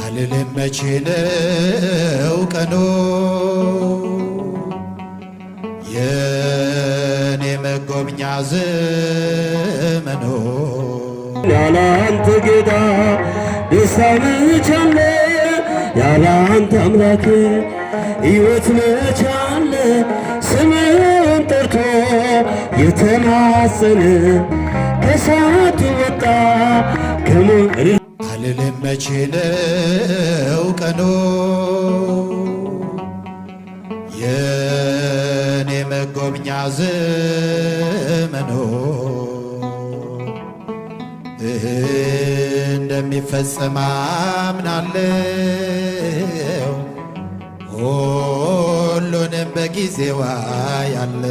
አልልም መቼ ነው ቀኑ የኔ መጎብኛ ዘመኑ ያለ አንተ ጌታ ደስታ መቻለ ያለ አንተ አምላክ ሕይወት መቻለ ስምህን ጠርቶ የተማጸነ ከሳቱ ወጣ ከሞር መቼ ነው ቀኑ የኔ መጎብኛ ዘመኖ እንደሚፈጸም አምናለው ሁሉንም በጊዜዋ ያለ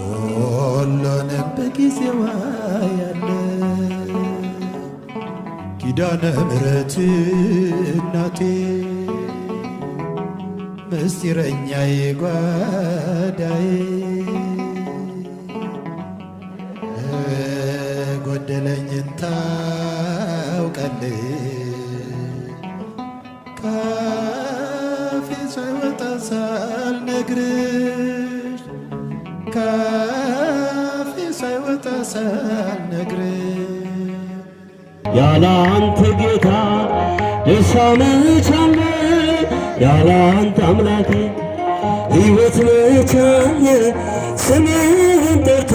ሁሉንም በጊዜዋ ኪዳነ ምሕረት እናቴ ምስጢረኛዬ ጓዳዬ ጎደለኝን ታውቃለች ካፌ ሳይወጣ ሳልነግርሽ ካፌ ሳይወጣ ሳል ያለ አንተ ጌታ ደርሳ መቻለ ያለ አንተ አምላኬ ሕይወት መቻለ ስምህን ጠርቶ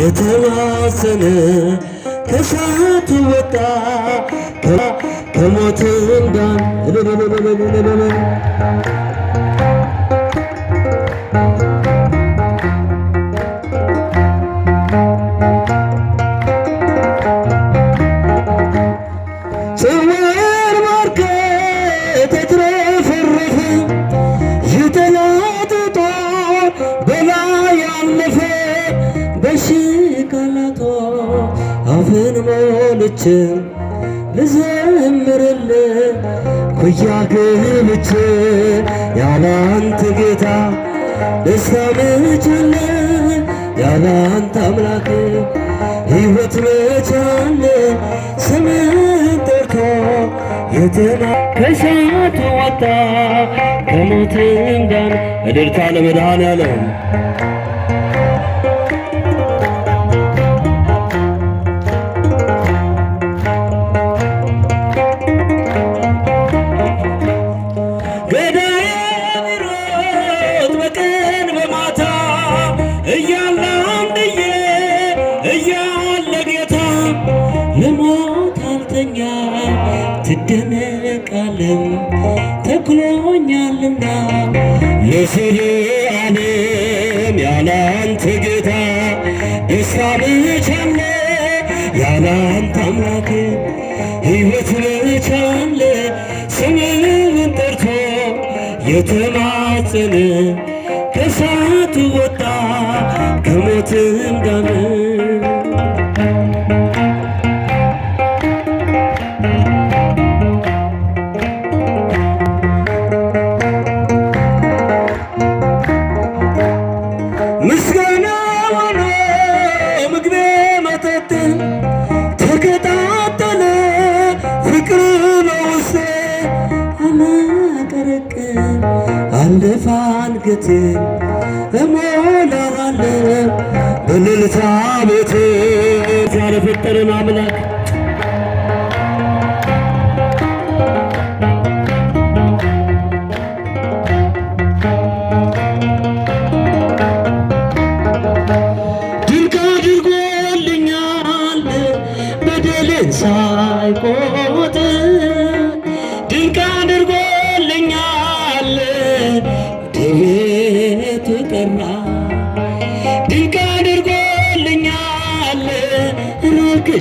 የተማሰነ ከሳት ወጣ ከሞት እንዳን ቃላቶ አፍን ሞልቼ ልዘምርል ኩያ ገብቼ ያላንተ ጌታ ደስታ መቻለ ያላንተ አምላክ ሕይወት መቻለ ስምህን ጠርቶ የትና ከእሳቱ ወጣ ከሞት እንዳን እድርታ ለመድኃኔዓለም ትደነቃለም ተክሎኛልና የስሩ አለም ያላንተ ጌታ እስራኤል መቻለ ያላንተ አምላክ ሕይወት መቻለ ስምህን ጠርቶ የተማጸነ ከሳት ወጣ ከሞት አንደፋ አንገቴ እሞላዋለሁ በእልልታ ቤቴ ያለ አምላክ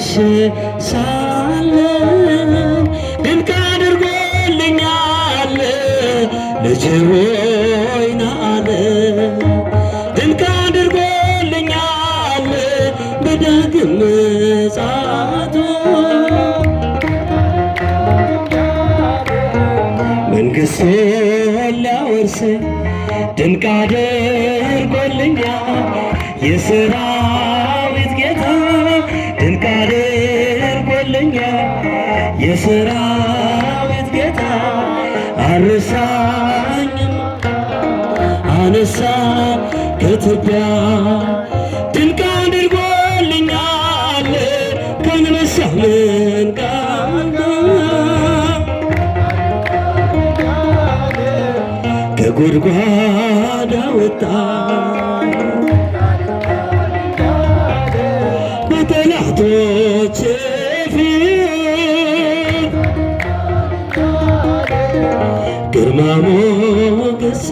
መልሼ ሳለ ድንቅ አድርጎልኛል ልጅ ወይናለ ድንቅ አድርጎልኛል በዳግም ምጽአቱ መንግሥት ላወርስ ድንቅ አድርጎልኛል የሥራ ዳዊት ጌታ ድንቅ አድርጎልኛል። የሰራዊት ጌታ አረሳኝም አነሳ ከኢትዮጵያ ድንቅ አድርጎልኛል። ከንመሳ ምን ከጉድጓድ አወጣ ፊት ግርማ ሞገስ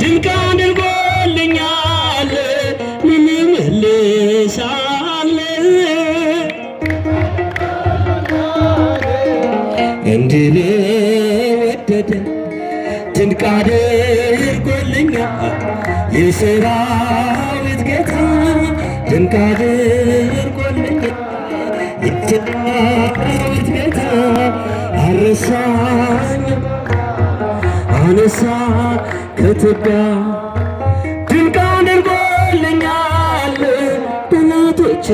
ድንቅ ምን እንድል ወደደ ድንቅ አድርጎልኛል የሰራዊት ጌታ ድንቅ የጠራት አነሳ ከትቢያ ድንቅ አድርጎልኛል ጠላቶቼ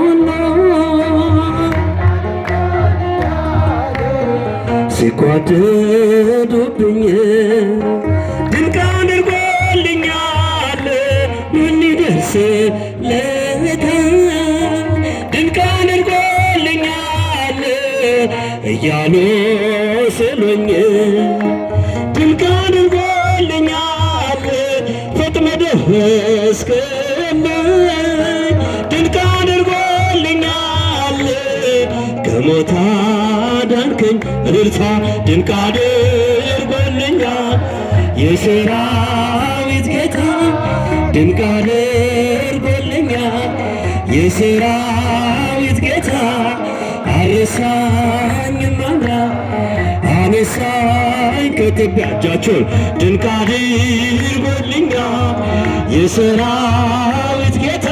ሁሉ ሲጓደዱብኝ ድንቅ አድርጎልኛል ምን ይደርስ እያሉ ስሉኝ ድንቅ አድርጎልኛል ፈጥነ ደረስክልኝ ድንቅ አድርጎልኛል ከሞት አዳንከኝ እልልታ ድንቅ አድርጎልኛል የሰራዊት ጌታ ድንቅ አድርጎልኛል የሰራዊት ጌታ አረሳ ከፀሐይ ከትቢያ እጃቸውን ድንቅ አድርጎልኛል የሰራዊት ጌታ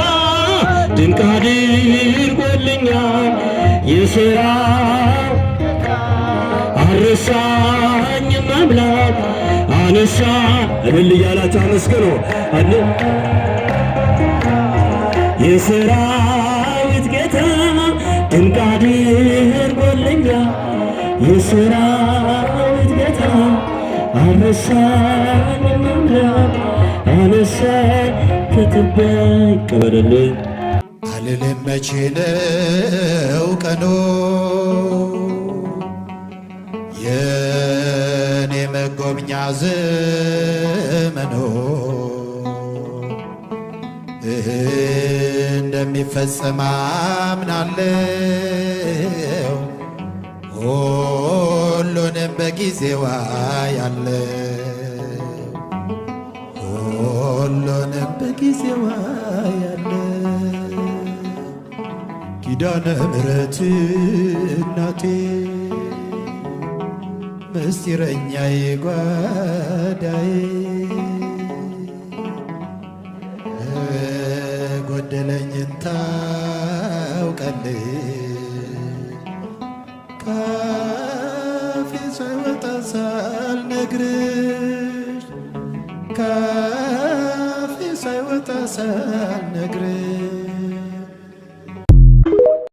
ድንቅ አድርጎልኛል የሰራ አረሳኝ መብላት አነሳ እልል እያላችሁ አመስግኑ የሰራዊት ጌታ ድንቅ አድርጎልኛል የሰራ አልልም መቼ ነው ቀኑ የኔ መጎብኛ ዘመኖ እንደሚፈጸም አምናለው ሁሉንም በጊዜዋ ያለ ሁሉንም በጊዜዋ ያለ ኪዳነ ምሕረት እናቴ ምስጢረኛዬ ጓዳዬ ጎደለኝን ታውቃለች ነግርሽ ከፌ ሳይወጣ ሳልነግርሽ